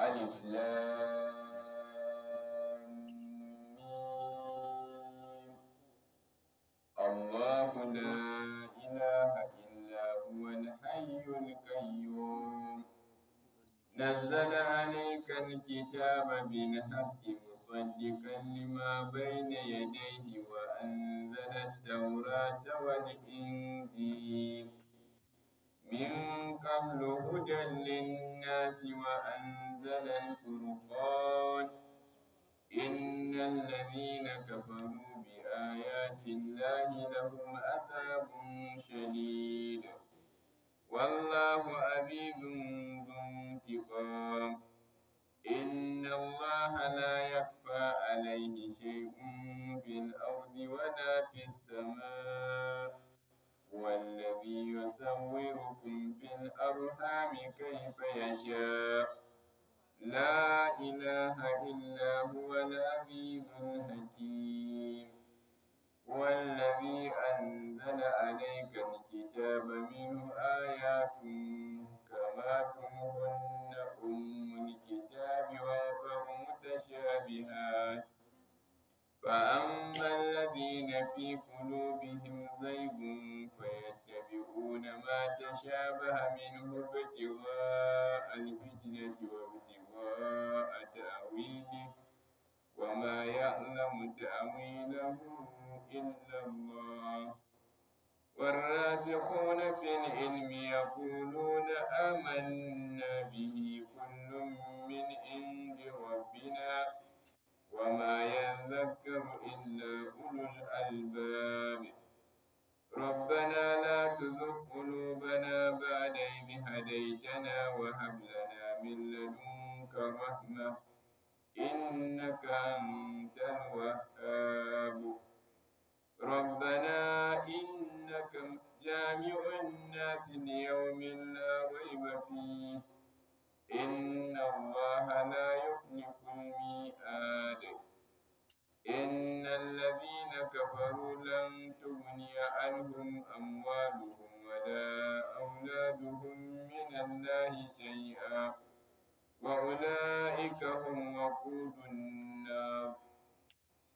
ألف لام الله لا إله إلا هو الحي القيوم نزل عليك الكتاب بالحق مصدقا لما بين يديه وأنزل التوراة والإنجيل من قبل هدى للناس وأنزل الفرقان إن الذين كفروا بآيات الله لهم عذاب شديد والله عبيد ذو انتقام إن الله لا يخفى عليه شيء في الأرض ولا في السماء والذي يصوركم في الأرحام كيف يشاء لا إله إلا هو العزيز الحكيم والذي أنزل عليك الكتاب منه آيات كما تمهن أم الكتاب وأخر متشابهات فأما الذين في قلوبهم زيغ ما تشابه منه ابتغاء الفتنة وابتغاء تأويله وما يعلم تأويله إلا الله والراسخون في العلم يقولون آمنا به كل من لدنك رحمة إنك أنت الوهاب ربنا إنك جامع الناس ليوم لا ريب فيه إن الله لا يخلف الميعاد إن الذين كفروا لن تغني عنهم أموالهم ولا أولادهم من الله شيئا وأولئك هم وقود النار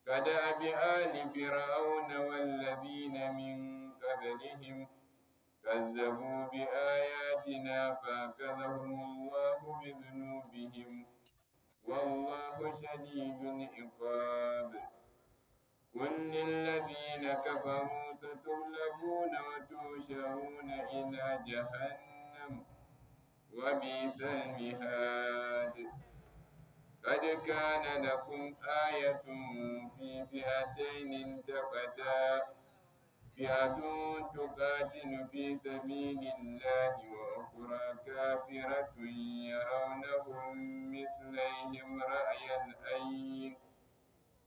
كداب آل فرعون والذين من قبلهم كذبوا بآياتنا فأكذهم الله بذنوبهم والله شديد العقاب قل للذين كفروا ستغلبون وتوشرون إلى جهنم وبئس هاد قد كان لكم آية في فئتين انتقتا فئة تقاتل في سبيل الله وأخرى كافرة يرونهم مثليهم رأي الأين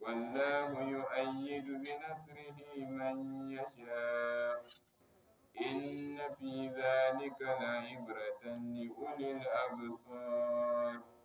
والله يؤيد بنصره من يشاء إن في ذلك لعبرة لأولي الأبصار